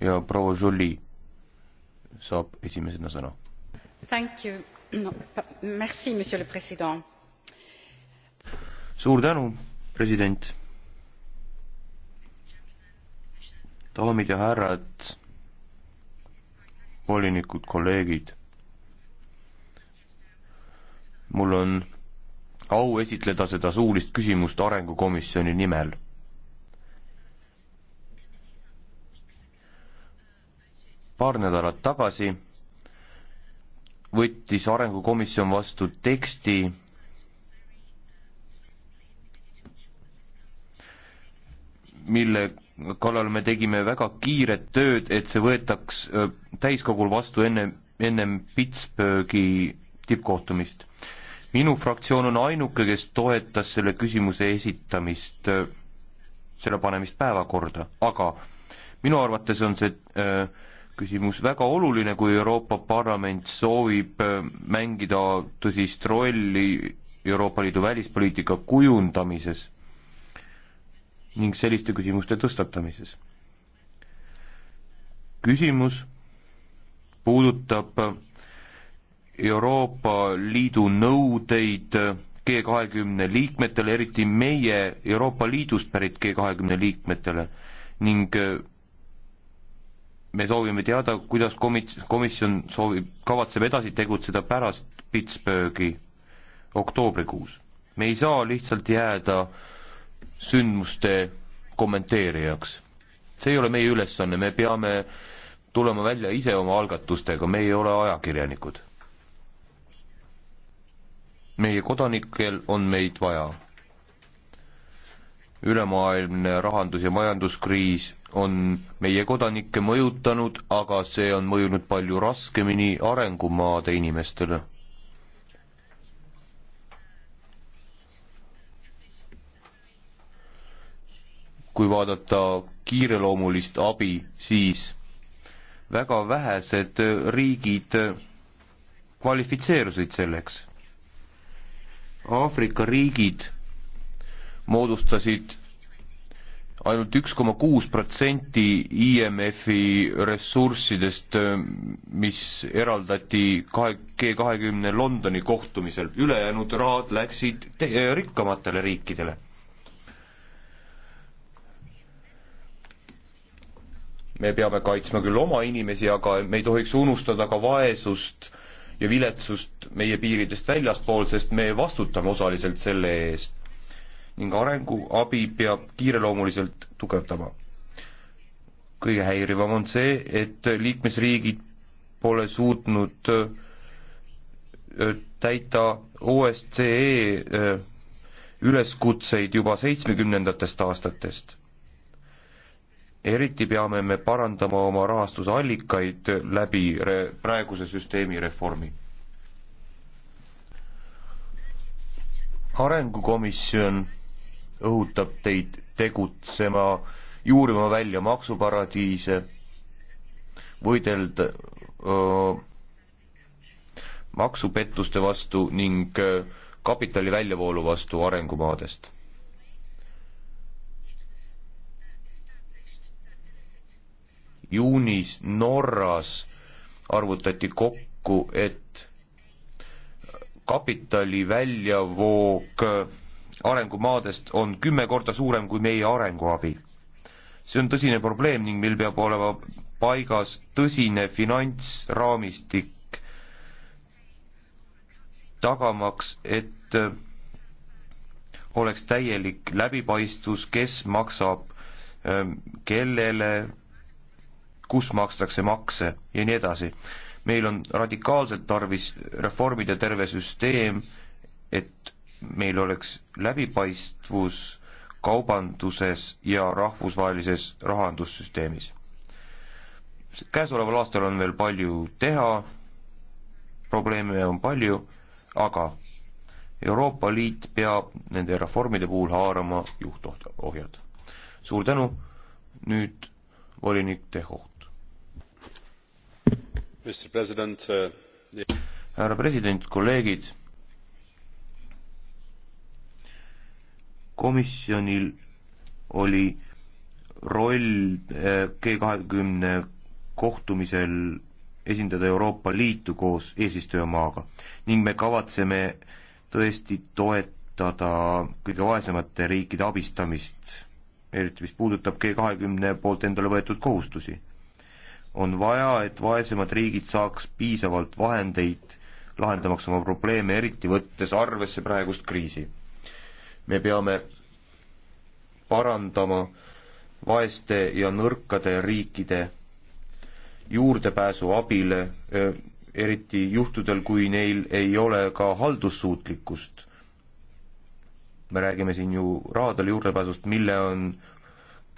ja proua Jolie saab esimesena sõna. suur tänu, president. daamid ja härrad, volinikud, kolleegid. mul on au esitleda seda suulist küsimust Arengukomisjoni nimel paar nädalat tagasi võttis Arengukomisjon vastu teksti, mille kallal me tegime väga kiiret tööd, et see võetaks äh, täiskogul vastu enne, ennem Pittsburghi tippkohtumist. minu fraktsioon on ainuke, kes toetas selle küsimuse esitamist, äh, selle panemist päevakorda, aga minu arvates on see öö, äh, küsimus väga oluline, kui Euroopa Parlament soovib äh, mängida tõsist rolli Euroopa Liidu välispoliitika kujundamises ning selliste küsimuste tõstatamises. küsimus puudutab äh, Euroopa Liidu nõudeid äh, G kahekümne liikmetele, eriti meie Euroopa Liidust pärit G kahekümne liikmetele ning me soovime teada, kuidas komi-, komisjon soovib, kavatseb edasi tegutseda pärast Pittsburghi oktoobrikuus. me ei saa lihtsalt jääda sündmuste kommenteerijaks. see ei ole meie ülesanne, me peame tulema välja ise oma algatustega, me ei ole ajakirjanikud. meie kodanikel on meid vaja. ülemaailmne rahandus- ja majanduskriis on meie kodanikke mõjutanud, aga see on mõjunud palju raskemini arengumaade inimestele. kui vaadata kiireloomulist abi, siis väga vähesed riigid kvalifitseerusid selleks. Aafrika riigid moodustasid ainult üks koma kuus protsenti IMF-i ressurssidest, äh, mis eraldati kahe, G kahekümne Londoni kohtumisel, ülejäänud rahad läksid te-, äh, rikkamatele riikidele. me peame kaitsma küll oma inimesi, aga me ei tohiks unustada ka vaesust ja viletsust meie piiridest väljaspool, sest me vastutame osaliselt selle eest ning arenguabi peab kiireloomuliselt tugevdama. kõige häirivam on see, et liikmesriigid pole suutnud täita OSCE üleskutseid juba seitsmekümnendatest aastatest. eriti peame me parandama oma rahastusallikaid läbi re-, praeguse süsteemi reformi. arengukomisjon õhutab teid tegutsema, juurima välja maksuparadiise, võidelda öö, maksupettuste vastu ning öö, kapitali väljavoolu vastu arengumaadest. juunis Norras arvutati kokku, et kapitali väljavoog arengumaadest on kümme korda suurem kui meie arenguabi. see on tõsine probleem ning meil peab olema paigas tõsine finantsraamistik, tagamaks, et äh, oleks täielik läbipaistvus, kes maksab ähm, kellele, kus makstakse makse ja nii edasi. meil on radikaalselt tarvis reformida terve süsteem, et meil oleks läbipaistvus kaubanduses ja rahvusvahelises rahandussüsteemis. käesoleval aastal on veel palju teha, probleeme on palju, aga Euroopa Liit peab nende reformide puhul haarama juhtohjad. suur tänu, nüüd volinik Tehoht. Uh, härra president, kolleegid komisjonil oli roll eh, G kahekümne kohtumisel esindada Euroopa Liitu koos eesistujamaaga ning me kavatseme tõesti toetada kõige vaesemate riikide abistamist, eriti mis puudutab G kahekümne poolt endale võetud kohustusi. on vaja, et vaesemad riigid saaks piisavalt vahendeid lahendamaks oma probleeme, eriti võttes arvesse praegust kriisi. me peame parandama vaeste ja nõrkade riikide juurdepääsu abile, e, eriti juhtudel, kui neil ei ole ka haldussuutlikkust. me räägime siin ju rahadele juurdepääsust, mille on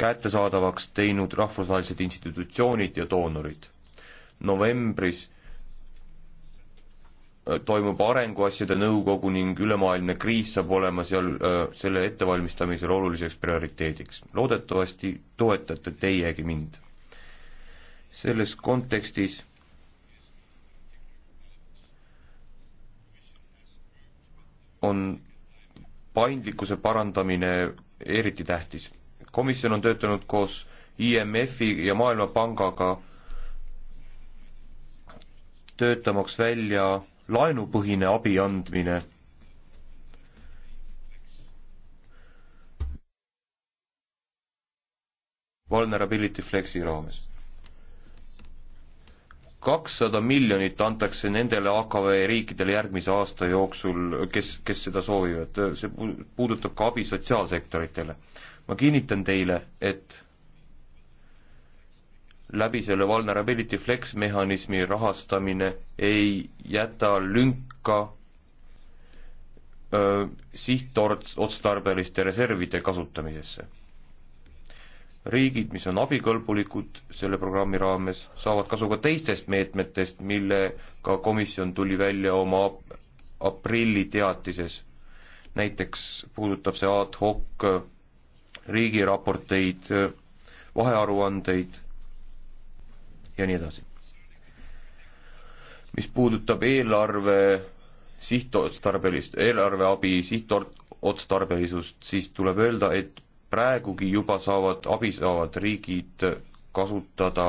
kättesaadavaks teinud rahvusvahelised institutsioonid ja doonorid. novembris Äh, toimub Arenguasjade Nõukogu ning ülemaailmne kriis saab olema seal äh, selle ettevalmistamisel oluliseks prioriteediks. loodetavasti toetate teiegi mind. selles kontekstis on paindlikkuse parandamine eriti tähtis. komisjon on töötanud koos IMF-i ja Maailmapangaga töötamaks välja laenupõhine abi andmine. Vulnerability Flexi raames. kakssada miljonit antakse nendele AKV riikidele järgmise aasta jooksul, kes, kes seda soovivad, see puudutab ka abi sotsiaalsektoritele. ma kinnitan teile, et läbi selle vulnerability flex mehhanismi rahastamine ei jäta lünka sihtotstarbeliste reservide kasutamisesse. riigid, mis on abikõlbulikud selle programmi raames, saavad kasu ka teistest meetmetest, millega komisjon tuli välja oma aprilli teatises. näiteks puudutab see ad hoc riigiraporteid, vahearuandeid ja nii edasi. mis puudutab eelarve sihtotstarbelist, eelarveabi sihtotstarbelisust, siis tuleb öelda, et praegugi juba saavad, abi saavad riigid kasutada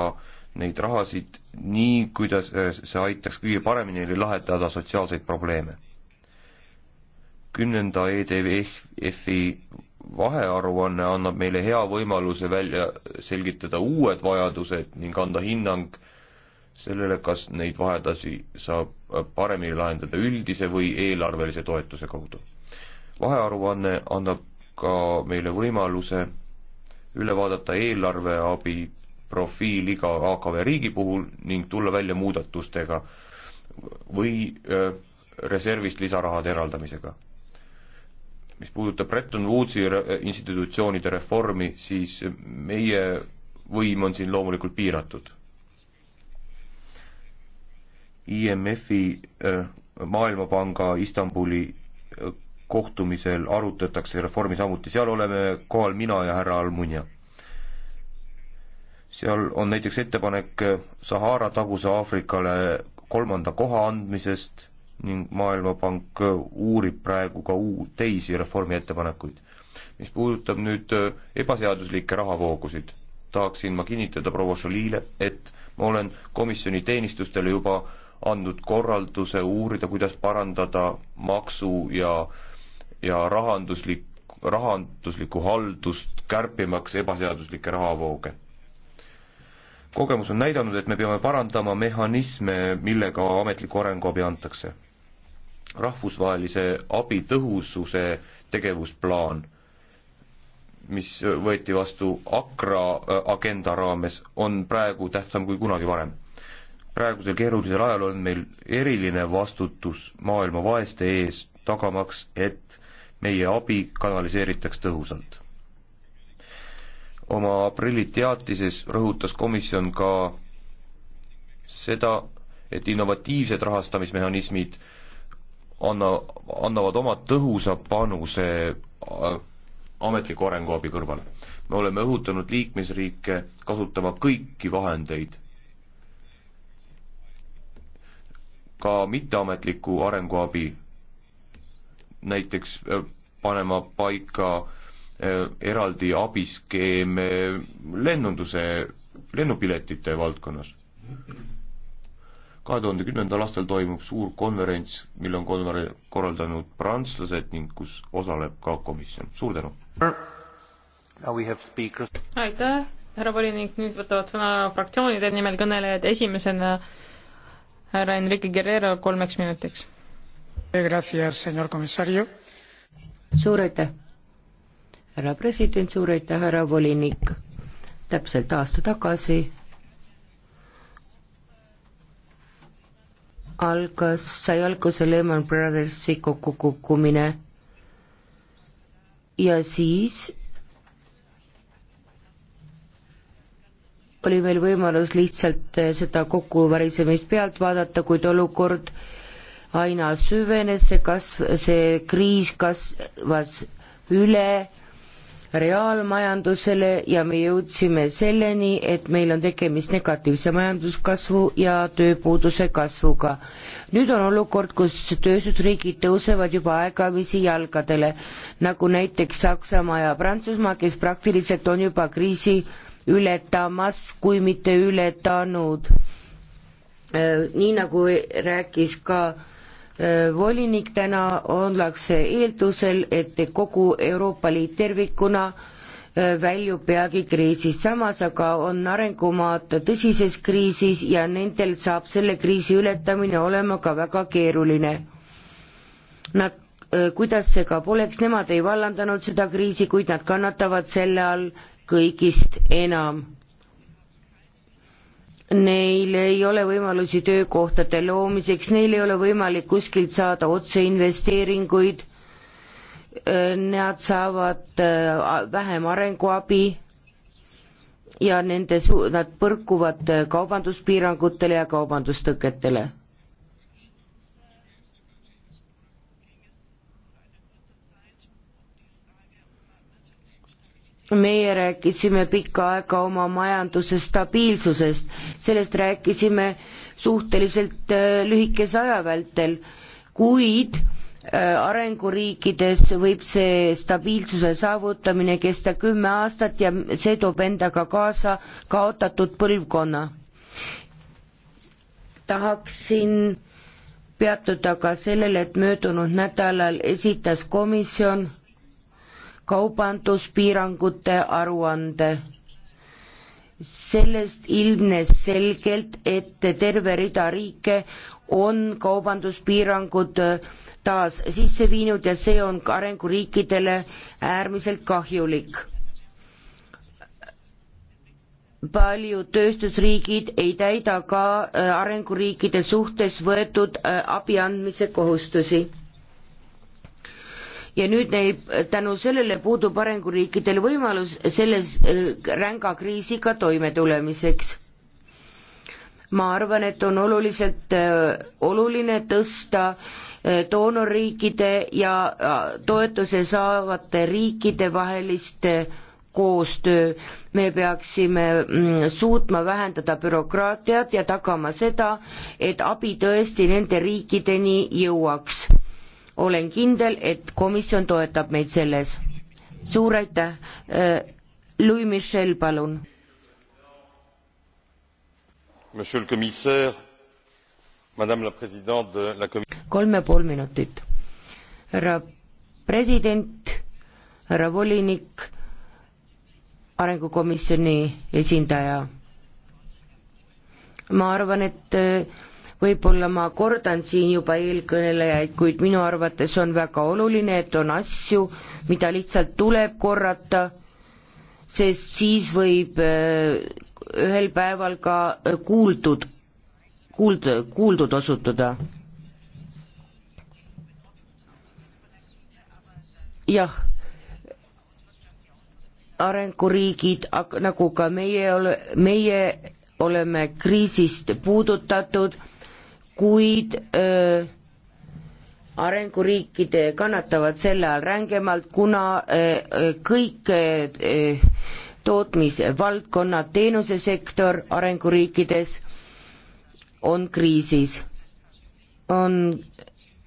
neid rahasid nii, kuidas eh, see aitaks kõige paremini lahendada sotsiaalseid probleeme. kümnenda EDF-i vahearuanne annab meile hea võimaluse välja selgitada uued vajadused ning anda hinnang sellele, kas neid vahedusi saab paremini lahendada üldise või eelarvelise toetuse kaudu. vahearuanne annab ka meile võimaluse üle vaadata eelarveabi profiil iga AKV riigi puhul ning tulla välja muudatustega või äh, reservist lisarahade eraldamisega mis puudutab Bretton Woodsi institutsioonide reformi, siis meie võim on siin loomulikult piiratud. IMF-i, äh, Maailmapanga Istanbuli äh, kohtumisel arutatakse reformi samuti, seal oleme kohal mina ja härra Almunia. seal on näiteks ettepanek äh, Sahara taguse Aafrikale kolmanda koha andmisest ning Maailmapank uurib praegu ka uut, teisi reformi ettepanekuid. mis puudutab nüüd äh, ebaseaduslikke rahavoogusid, tahaksin ma kinnitada proua Jolile, et ma olen komisjoni teenistustele juba andnud korralduse uurida, kuidas parandada maksu ja, ja rahanduslik, rahanduslikku haldust, kärpimaks ebaseaduslikke rahavooge. kogemus on näidanud, et me peame parandama mehhanisme, millega ametlikku arenguabi antakse rahvusvahelise abi tõhususe tegevusplaan, mis võeti vastu Akra äh, agenda raames, on praegu tähtsam kui kunagi varem. praegusel keerulisel ajal on meil eriline vastutus maailma vaeste ees, tagamaks, et meie abi kanaliseeritaks tõhusalt. oma aprilli teatises rõhutas komisjon ka seda, et innovatiivsed rahastamismehhanismid anna, annavad oma tõhusa panuse äh, ametliku arenguabi kõrval. me oleme õhutanud liikmesriike kasutama kõiki vahendeid, ka mitteametlikku arenguabi, näiteks äh, panema paika äh, eraldi abiskeeme lennunduse, lennupiletite valdkonnas kahe tuhande kümnendal aastal toimub suur konverents, mille on konver-, korraldanud prantslased ning kus osaleb ka komisjon, suur tänu! aitäh, härra volinik, nüüd võtavad sõna fraktsioonide nimel kõnelejad, esimesena härra Enrique Guerrero kolmeks minutiks. suur aitäh, härra president, suur aitäh, härra volinik! täpselt aasta tagasi algas, sai alguse Lehman Brothersi kokkukukkumine ja siis oli meil võimalus lihtsalt eh, seda kokkuvarisemist pealt vaadata, kuid olukord aina süvenes, see kasv, see kriis kasvas üle reaalmajandusele ja me jõudsime selleni, et meil on tegemist negatiivse majanduskasvu ja tööpuuduse kasvuga. nüüd on olukord, kus tööstusriigid tõusevad juba aegamisi jalgadele, nagu näiteks Saksamaa ja Prantsusmaa, kes praktiliselt on juba kriisi ületamas, kui mitte ületanud. Äh, nii nagu rääkis ka Äh, volinik täna ollakse eeldusel, et kogu Euroopa Liit tervikuna äh, väljub peagi kriisist, samas aga on arengumaad tõsises kriisis ja nendel saab selle kriisi ületamine olema ka väga keeruline. Nad, äh, kuidas see ka poleks, nemad ei vallandanud seda kriisi, kuid nad kannatavad selle all kõigist enam neil ei ole võimalusi töökohtade loomiseks, neil ei ole võimalik kuskilt saada otseinvesteeringuid, nad saavad äh, vähem arenguabi ja nende su-, nad põrkuvad äh, kaubanduspiirangutele ja kaubandustõketele meie rääkisime pikka aega oma majanduse stabiilsusest, sellest rääkisime suhteliselt äh, lühikese aja vältel, kuid äh, arenguriikides võib see stabiilsuse saavutamine kesta kümme aastat ja see toob endaga kaasa kaotatud põlvkonna. tahaksin peatuda ka sellele, et möödunud nädalal esitas komisjon kaubanduspiirangute aruande. sellest ilmnes selgelt, et terve rida riike on kaubanduspiirangud taas sisse viinud ja see on ka arenguriikidele äärmiselt kahjulik. paljud tööstusriigid ei täida ka äh, arenguriikide suhtes võetud äh, abi andmise kohustusi ja nüüd neil tänu sellele puudub arenguriikidel võimalus selles äh, ränga kriisiga toime tulemiseks. ma arvan, et on oluliselt äh, oluline tõsta äh, doonorriikide ja toetuse saavate riikide vahelist koostöö, me peaksime mm, suutma vähendada bürokraatiat ja tagama seda, et abi tõesti nende riikideni jõuaks olen kindel, et komisjon toetab meid selles. suur aitäh, äh, Louis Michel, palun. Monsieur le commissaire, madame la présidente de la kolm ja pool minutit. härra president, härra volinik, arengukomisjoni esindaja. ma arvan, et äh, võib-olla ma kordan siin juba eelkõnelejaid, kuid minu arvates on väga oluline, et on asju, mida lihtsalt tuleb korrata, sest siis võib äh, ühel päeval ka äh, kuuldud, kuuld-, kuuldud osutuda. jah arenguriigid, nagu ka meie ole, meie oleme kriisist puudutatud kuid öö, arenguriikid kannatavad selle all rängemalt, kuna öö, kõik öö, tootmisvaldkonnad, teenusesektor arenguriikides on kriisis. on,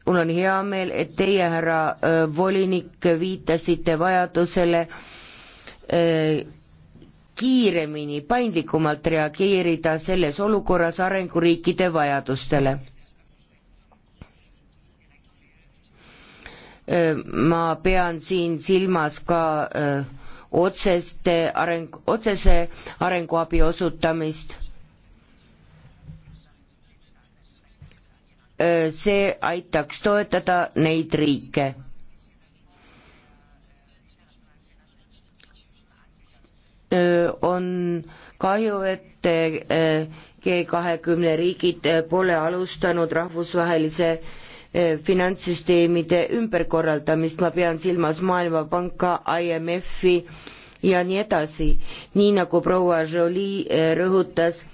mul on hea meel, et teie, härra volinik, viitasite vajadusele öö, kiiremini, paindlikumalt reageerida selles olukorras arenguriikide vajadustele. ma pean siin silmas ka öö, otseste areng, otsese arenguabi osutamist. see aitaks toetada neid riike on kahju, et G kahekümne riigid pole alustanud rahvusvahelise finantssüsteemide ümberkorraldamist, ma pean silmas Maailmapanka, IMF-i ja nii edasi. nii nagu proua Jolie rõhutas,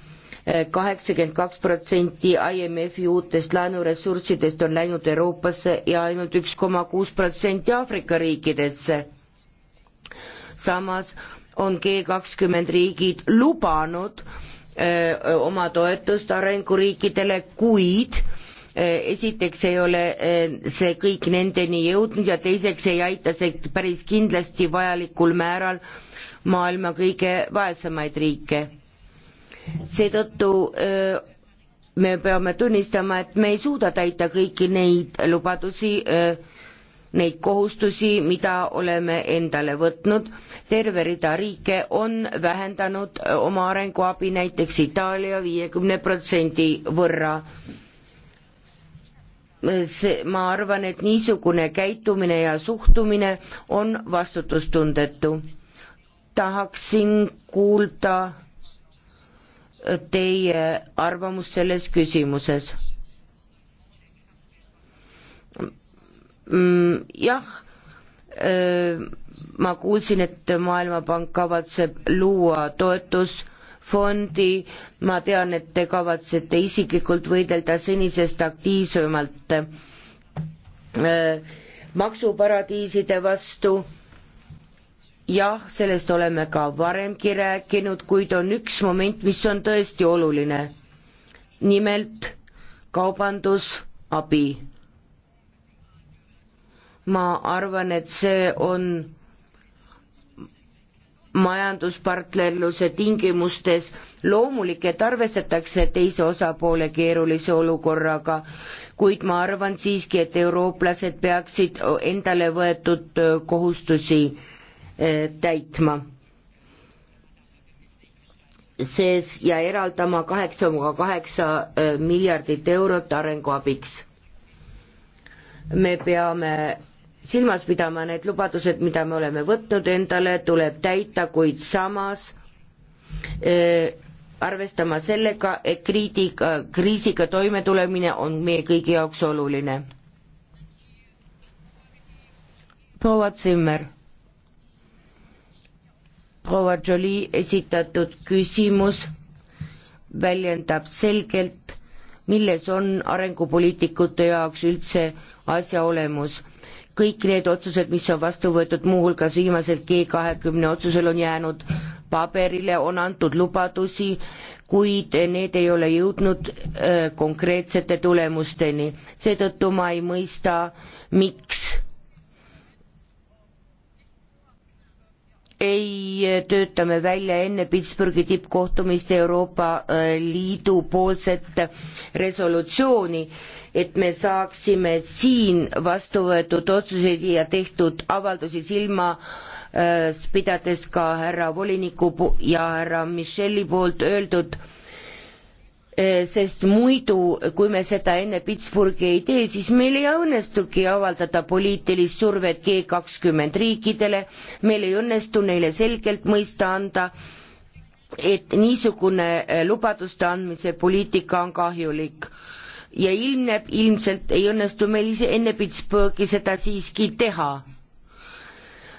kaheksakümmend kaks protsenti IMF-i uutest laenuressurssidest on läinud Euroopasse ja ainult üks koma kuus protsenti Aafrika riikidesse. samas on G kakskümmend riigid lubanud öö, oma toetust arenguriikidele, kuid esiteks ei ole see kõik nendeni jõudnud ja teiseks ei aita see päris kindlasti vajalikul määral maailma kõige vaesemaid riike. seetõttu me peame tunnistama, et me ei suuda täita kõiki neid lubadusi öö, neid kohustusi, mida oleme endale võtnud. terve rida riike on vähendanud äh, oma arenguabi näiteks Itaalia viiekümne protsendi võrra. see, ma arvan, et niisugune käitumine ja suhtumine on vastutustundetu. tahaksin kuulda äh, teie arvamust selles küsimuses mm,. jah, äh, ma kuulsin, et Maailmapank kavatseb luua toetusfondi, ma tean, et te kavatsete isiklikult võidelda senisest aktiivsemalt äh, maksuparadiiside vastu jah, sellest oleme ka varemgi rääkinud, kuid on üks moment, mis on tõesti oluline. nimelt kaubandusabi ma arvan, et see on majanduspartnerluse tingimustes loomulik, et arvestatakse teise osapoole keerulise olukorraga, kuid ma arvan siiski, et eurooplased peaksid endale võetud kohustusi eh, täitma. sees ja eraldama kaheksa koma kaheksa eh, miljardit eurot arenguabiks. me peame silmas pidama, need lubadused, mida me oleme võtnud endale, tuleb täita, kuid samas öö, eh, arvestama sellega, et kriitika, kriisiga toimetulemine on meie kõigi jaoks oluline. proua Zimmer, proua Jolie esitatud küsimus väljendab selgelt, milles on arengupoliitikute jaoks üldse asja olemus kõik need otsused, mis on vastu võetud, muuhulgas viimaselt G kahekümne otsusel on jäänud paberile, on antud lubadusi, kuid need ei ole jõudnud öö, äh, konkreetsete tulemusteni. seetõttu ma ei mõista, miks ei tööta me välja enne Pittsburghi tippkohtumist Euroopa äh, Liidu poolset resolutsiooni et me saaksime siin vastu võetud otsuseid ja tehtud avaldusi silma äh, pidades ka härra voliniku ja härra Micheli poolt öeldud äh, sest muidu, kui me seda enne Pittsburghi ei tee, siis meil ei õnnestugi avaldada poliitilist survet G kakskümmend riikidele, meil ei õnnestu neile selgelt mõista anda, et niisugune äh, lubaduste andmise poliitika on kahjulik ja ilmneb, ilmselt ei õnnestu meil ise enne Pittsburghi seda siiski teha.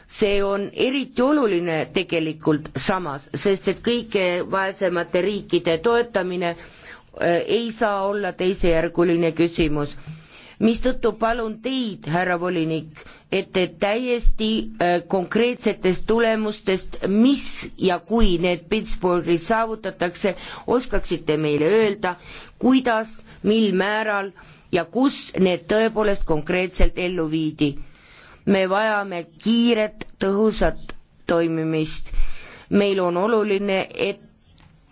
see on eriti oluline tegelikult samas, sest et kõige vaesemate riikide toetamine äh, ei saa olla teisejärguline küsimus mistõttu palun teid, härra volinik, et te täiesti äh, konkreetsetest tulemustest, mis ja kui need Pittsburghis saavutatakse, oskaksite meile öelda kuidas, mil määral ja kus need tõepoolest konkreetselt ellu viidi. me vajame kiiret, tõhusat toimimist. meil on oluline, et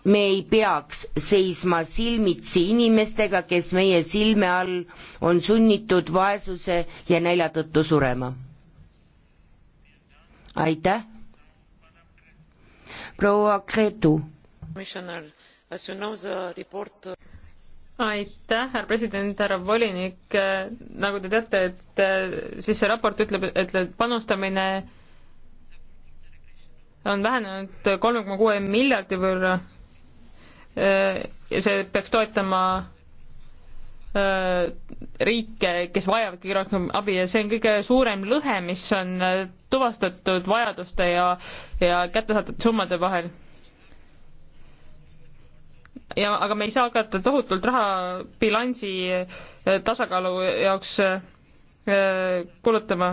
me ei peaks seisma silmitsi inimestega, kes meie silme all on sunnitud vaesuse ja nälja tõttu surema. aitäh. proua Gretu aitäh, härra president, härra volinik, nagu te teate, et äh, siis see raport ütleb, ütleb, panustamine on vähenenud kolme koma kuue miljardi võrra äh, ja see peaks toetama äh, riike, kes vajavad kõige rohkem abi ja see on kõige suurem lõhe, mis on tuvastatud vajaduste ja, ja kättesaadavate summade vahel ja aga me ei saa hakata tohutult raha bilansi eh, tasakaalu jaoks eh, kulutama.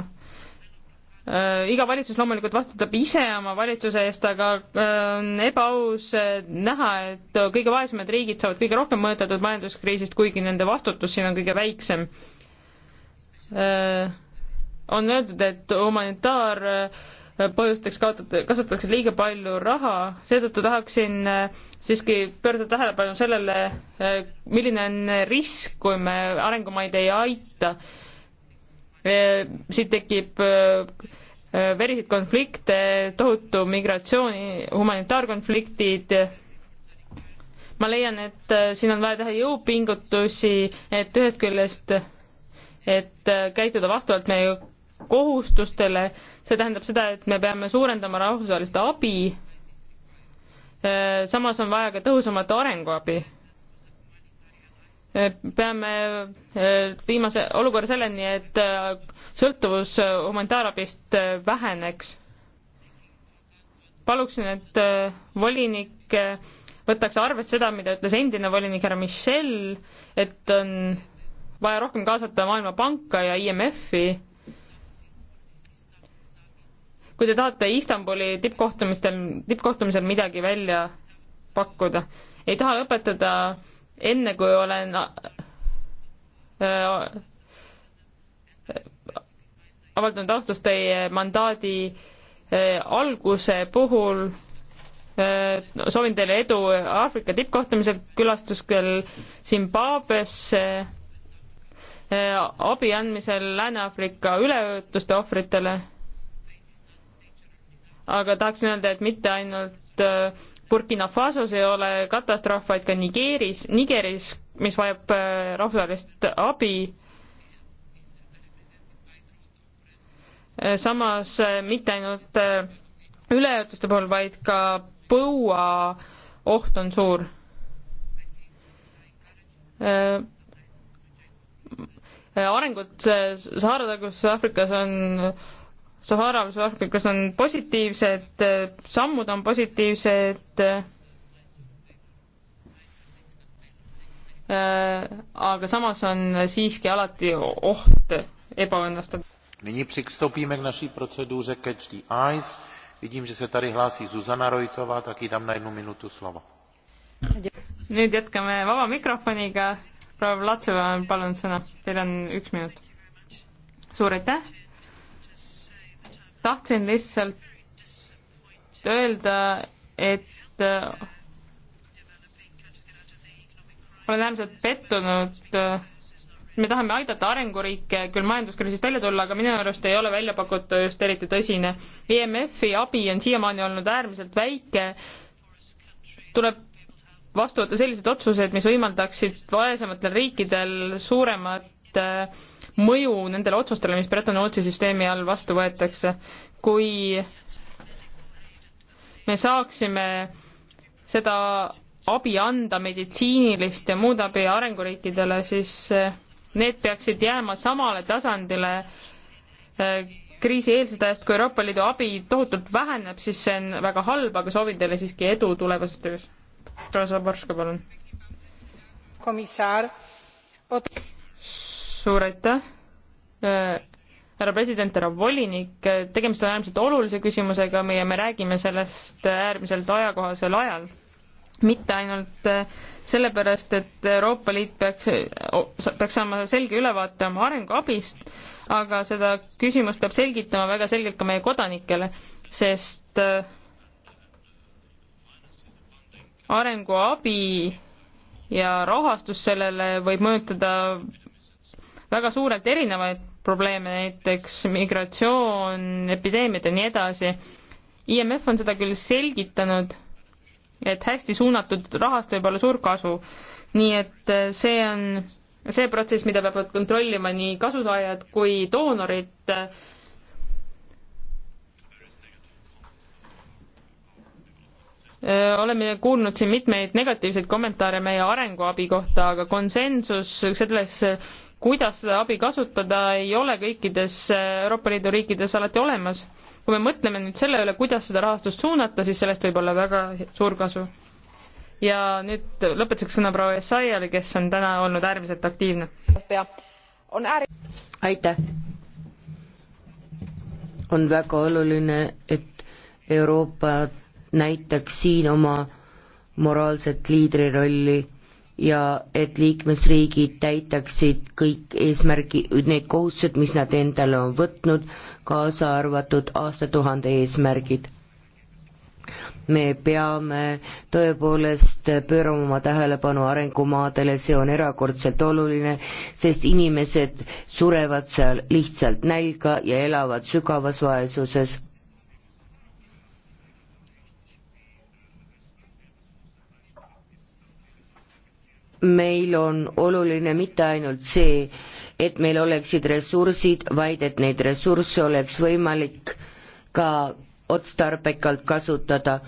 Eh, iga valitsus loomulikult vastutab ise oma valitsuse eest, aga on ebaaus näha, et kõige vaesemad riigid saavad kõige rohkem mõjutatud majanduskriisist, kuigi nende vastutus siin on kõige väiksem on öeldud, et humanitaar põhjusteks kaotate, kasutatakse liiga palju raha, seetõttu tahaksin äh, siiski pöörduda tähelepanu sellele, äh, milline on risk, kui me arengumaid ei aita. Äh, siit tekib veriseid konflikte, tohutu migratsiooni, humanitaarkonfliktid. ma leian, et siin on vaja teha jõupingutusi, et ühest küljest, et käituda vastavalt meie kohustustele see tähendab seda, et me peame suurendama rahvusvahelist abi, äh, samas on vaja ka tõhusamat arenguabi. Äh, peame äh, viimase olukorra selleni, et sõltuvus humanitaarabist väheneks. paluksin, et volinik võtaks arvesse seda, mida ütles endine volinik härra Michel, et on vaja rohkem kaasata Maailmapanka ja IMF-i kui te tahate Istanbuli tippkohtumistel, tippkohtumisel midagi välja pakkuda, ei taha lõpetada enne, kui olen äh, avaldanud austust teie mandaadi äh, alguse puhul. Äh, soovin teile edu Aafrika tippkohtumisel, külastusel Zimbabwesse, abi andmisel Lääne-Aafrika üleujutuste ohvritele aga tahaksin öelda, et mitte ainult äh, Burkina Fasos ei ole katastroof, vaid ka Nigeeris, Nigeris, mis vajab äh, rahvusvahelist abi. Äh, samas mitte ainult üleujutuste puhul, vaid ka põua oht on suur arengud saare taguses Aafrikas on Sahara Aafrikas on positiivsed, sammud on positiivsed, äh, aga samas on siiski alati oht ebaõnnestuda. Nyní přistoupíme k naší proceduře Catch the Eyes. Vidím, že se tady hlásí Zuzana Rojtová, tak jí dám na jednu minutu slovo. Nüüd jätkame vaba mikrofoniga. proua Vlatseva, palun sõna, teil on üks minut. suur aitäh tahtsin lihtsalt öelda, et äh, olen äärmiselt pettunud, äh, me tahame aidata arenguriike küll majanduskriisist välja tulla, aga minu arust ei ole välja pakutud just eriti tõsine. IMF-i e abi on siiamaani olnud äärmiselt väike, tuleb vastu võtta sellised otsused, mis võimaldaksid vaesematel riikidel suuremat äh, mõju nendele otsustele, mis Bretton Woodsi süsteemi all vastu võetakse. kui me saaksime seda abi anda, meditsiinilist ja muud abi arenguriikidele, siis eh, need peaksid jääma samale tasandile eh, kriisieelsest ajast, kui Euroopa Liidu abi tohutult väheneb, siis see on väga halb, aga soovin teile siiski edu tulevases töös. proua Zaborska, palun. komissar suur aitäh, äh, härra president, härra volinik, äh, tegemist on äärmiselt olulise küsimusega ja me räägime sellest äärmiselt ajakohasel ajal. mitte ainult äh, sellepärast, et Euroopa Liit peaks, peaks saama selge ülevaate oma arenguabist, aga seda küsimust peab selgitama väga selgelt ka meie kodanikele, sest arenguabi ja rahastus sellele võib mõjutada väga suurelt erinevaid probleeme, näiteks migratsioon, epideemiad ja nii edasi. IMF on seda küll selgitanud, et hästi suunatud rahast võib olla suur kasu. nii et äh, see on see protsess, mida peavad kontrollima nii kasusaajad kui doonorid. Äh, oleme kuulnud siin mitmeid negatiivseid kommentaare meie arenguabi kohta, aga konsensus selles kuidas seda abi kasutada, ei ole kõikides äh, Euroopa Liidu riikides alati olemas. kui me mõtleme nüüd selle üle, kuidas seda rahastust suunata, siis sellest võib olla väga suur kasu. ja nüüd lõpetuseks sõna proua Essayale, kes on täna olnud äärmiselt aktiivne. aitäh! on väga oluline, et Euroopa näitaks siin oma moraalset liidrirolli ja et liikmesriigid täitaksid kõik eesmärgi, need kohustused, mis nad endale on võtnud, kaasa arvatud aastatuhande eesmärgid. me peame tõepoolest pöörama oma tähelepanu arengumaadele, see on erakordselt oluline, sest inimesed surevad seal lihtsalt nälga ja elavad sügavas vaesuses meil on oluline mitte ainult see, et meil oleksid ressursid, vaid et neid ressursse oleks võimalik ka otstarbekalt kasutada.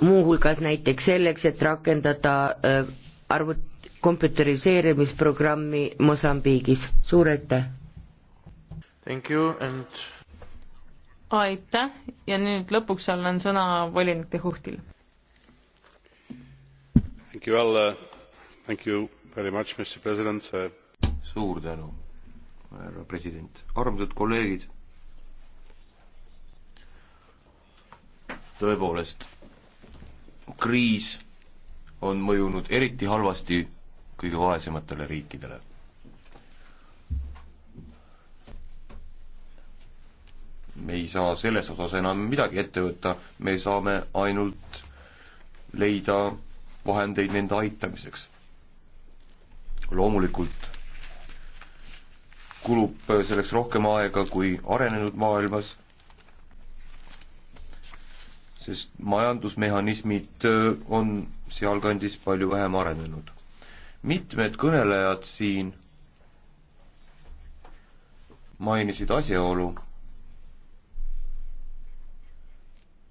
muuhulgas näiteks selleks, et rakendada äh, arvut-, komputeriseerimisprogrammi Mosambiigis, suur aitäh! Thank you and aitäh ja nüüd lõpuks annan sõna volinik Tehuhtile Uh, suur tänu, härra president. armsad kolleegid. tõepoolest, kriis on mõjunud eriti halvasti kõige vaesematele riikidele. me ei saa selles osas enam midagi ette võtta, me saame ainult leida vahendeid nende aitamiseks. loomulikult kulub selleks rohkem aega kui arenenud maailmas, sest majandusmehhanismid äh, on sealkandis palju vähem arenenud. mitmed kõnelejad siin mainisid asjaolu,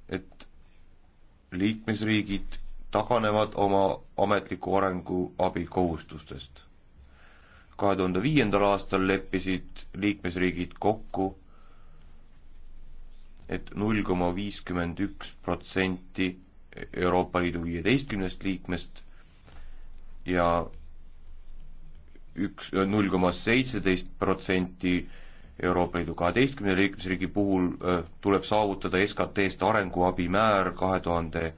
et liikmesriigid taganevad oma ametliku arenguabi kohustustest. kahe tuhande viiendal aastal leppisid liikmesriigid kokku et null koma viiskümmend üks protsenti Euroopa Liidu viieteistkümnest liikmest ja üks, null koma seitseteist protsenti Euroopa Liidu kaheteistkümne liikmesriigi puhul äh, tuleb saavutada SKT-st arenguabi määr kahe tuhande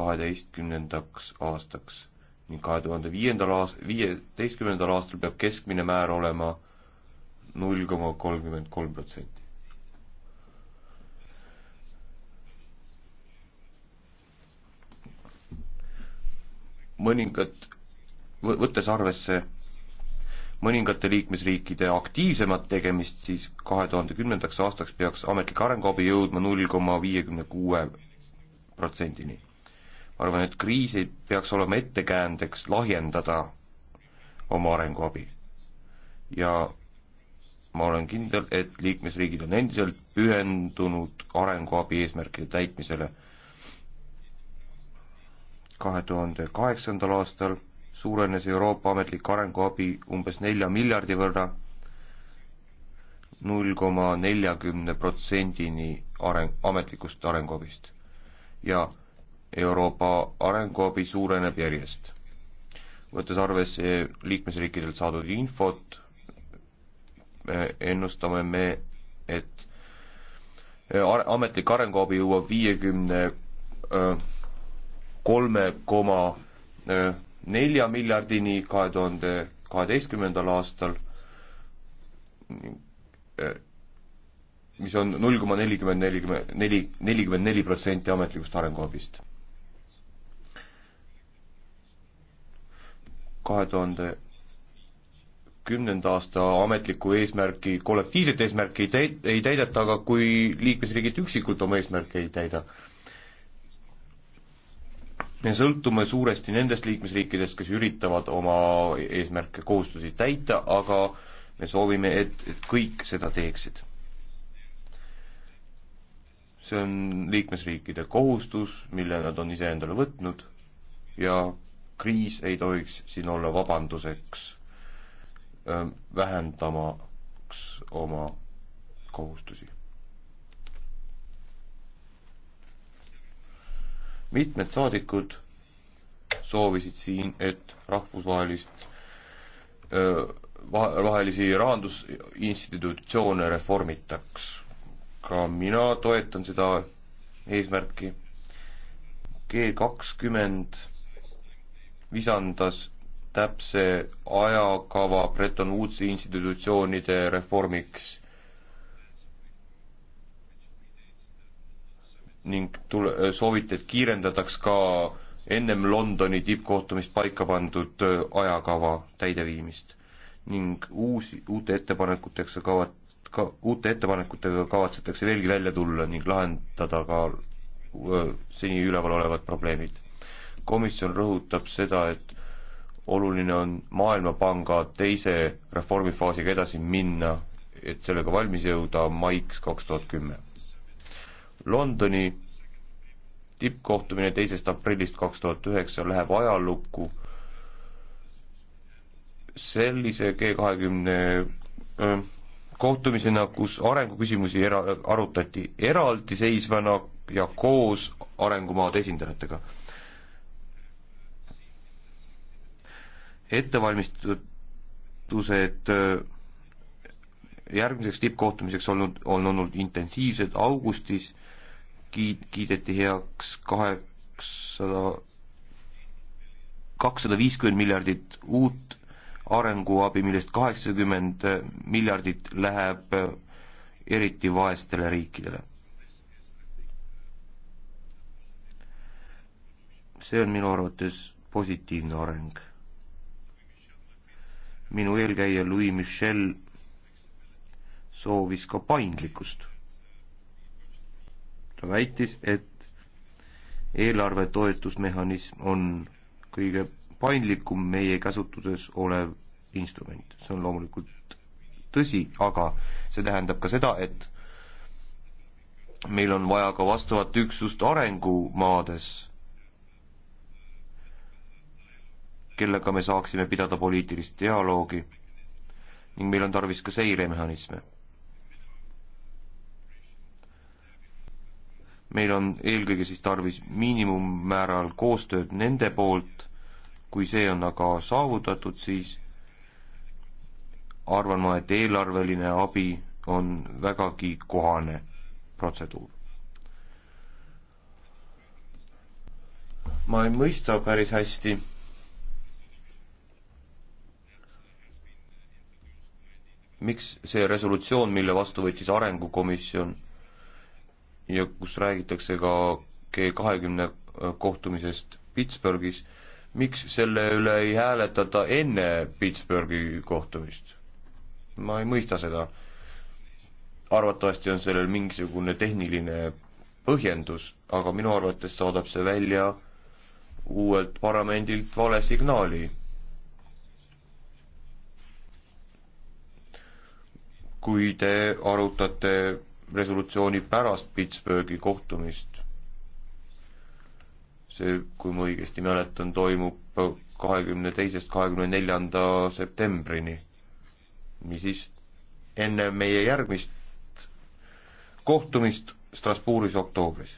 kaheteistkümnendaks aastaks ning kahe tuhande viiendal aast-, viieteistkümnendal aastal peab keskmine määr olema null koma kolmkümmend kolm protsenti. mõningad, võttes arvesse mõningate liikmesriikide aktiivsemat tegemist, siis kahe tuhande kümnendaks aastaks peaks ametlik arenguabi jõudma null koma viiekümne kuue protsendini arvan, et kriisid peaks olema ettekäändeks lahjendada oma arenguabi. ja ma olen kindel, et liikmesriigid on endiselt pühendunud arenguabi eesmärkide täitmisele. kahe tuhande kaheksandal aastal suurenes Euroopa ametlik arenguabi umbes nelja miljardi võrra, null koma neljakümne protsendini areng, ametlikust arenguabist ja Euroopa arenguabi suureneb järjest. võttes arvesse liikmesriikidelt saadud infot, ennustame me, et äh, ametlik arenguabi jõuab viiekümne äh, kolme koma äh, nelja miljardini kahe tuhande kaheteistkümnendal aastal, mis on null koma nelikümmend, nelikümmend neli, nelikümmend neli protsenti ametlikust arenguabist kahe tuhande kümnenda aasta ametlikku eesmärki, kollektiivset eesmärki ei täi-, ei täideta, aga kui liikmesriigid üksikult oma eesmärke ei täida, me sõltume suuresti nendest liikmesriikidest, kes üritavad oma eesmärke, kohustusi täita, aga me soovime, et, et kõik seda teeksid. see on liikmesriikide kohustus, mille nad on iseendale võtnud ja kriis ei tohiks siin olla vabanduseks, ähm, vähendamaks oma kohustusi. mitmed saadikud soovisid siin, et rahvusvahelist äh, vahelisi rahandusinstitutsioone reformitaks. ka mina toetan seda eesmärki. G kakskümmend 20 visandas täpse ajakava Bretton Woodsi institutsioonide reformiks ning tule-, sooviti, et kiirendataks ka ennem Londoni tippkohtumist paika pandud ajakava täideviimist ning uusi, uute ettepanekuteks kavat-, ka uute ettepanekutega kavatsetakse veelgi välja tulla ning lahendada ka seni üleval olevad probleemid komisjon rõhutab seda, et oluline on Maailmapanga teise reformifaasiga edasi minna, et sellega valmis jõuda maiks kaks tuhat kümme. Londoni tippkohtumine teisest aprillist kaks tuhat üheksa läheb ajalukku sellise G kahekümne kohtumisena, kus arenguküsimusi era-, arutati eraldiseisvana ja koos arengumaade esindajatega ettevalmistused äh, järgmiseks tippkohtumiseks olnud, on olnud intensiivsed, augustis kiid-, kiideti heaks kaheksasada, kakssada viiskümmend miljardit uut arenguabi, millest kaheksakümmend miljardit läheb äh, eriti vaestele riikidele. see on minu arvates positiivne areng minu eelkäija Louis Michel soovis ka paindlikkust. ta väitis, et eelarve toetusmehhanism on kõige paindlikum meie käsutuses olev instrument, see on loomulikult tõsi, aga see tähendab ka seda, et meil on vaja ka vastavat üksust arengumaades kellega me saaksime pidada poliitilist dialoogi ning meil on tarvis ka seiremehhanisme. meil on eelkõige siis tarvis miinimummääral koostööd nende poolt, kui see on aga saavutatud, siis arvan ma, et eelarveline abi on vägagi kohane protseduur. ma ei mõista päris hästi miks see resolutsioon, mille vastu võttis Arengukomisjon ja kus räägitakse ka G kahekümne kohtumisest Pittsburghis, miks selle üle ei hääletata enne Pittsburghi kohtumist? ma ei mõista seda. arvatavasti on sellel mingisugune tehniline põhjendus, aga minu arvates saadab see välja uuelt parlamendilt vale signaali kui te arutate resolutsiooni pärast Pittsburghi kohtumist. see, kui ma õigesti mäletan, toimub kahekümne teisest kahekümne neljanda septembrini. niisiis, enne meie järgmist kohtumist Strasbourgis oktoobris.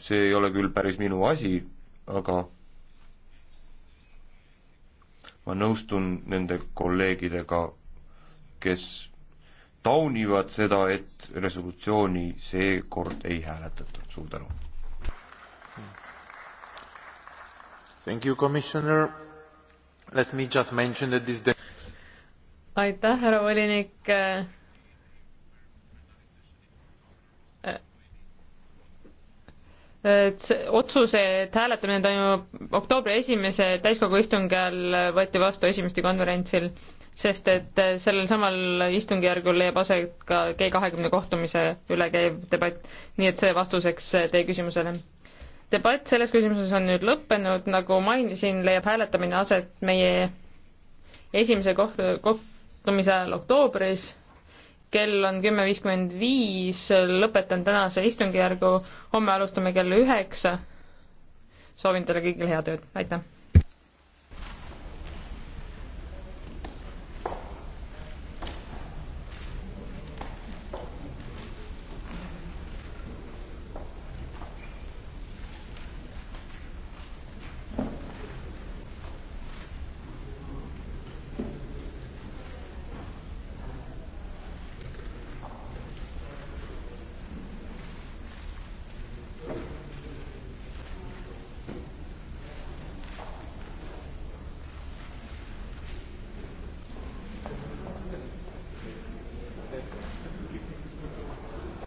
see ei ole küll päris minu asi, aga ma nõustun nende kolleegidega, kes taunivad seda, et resolutsiooni seekord ei hääletatud. suur tänu. Thank you, commissioner. Let me just mention that this aitäh, härra volinik otsuse, et hääletamine toimub oktoobri esimese täiskogu istungi ajal, võeti vastu esimeste konverentsil, sest et sellel samal istungjärgul leiab aset ka G kahekümne kohtumise üle käiv debatt. nii et see vastuseks teie küsimusele. debatt selles küsimuses on nüüd lõppenud, nagu mainisin, leiab hääletamine aset meie esimese koht-, kohtumise ajal oktoobris kell on kümme viiskümmend viis, lõpetan tänase istungjärgu, homme alustame kell üheksa. soovin teile kõigile head ööd, aitäh!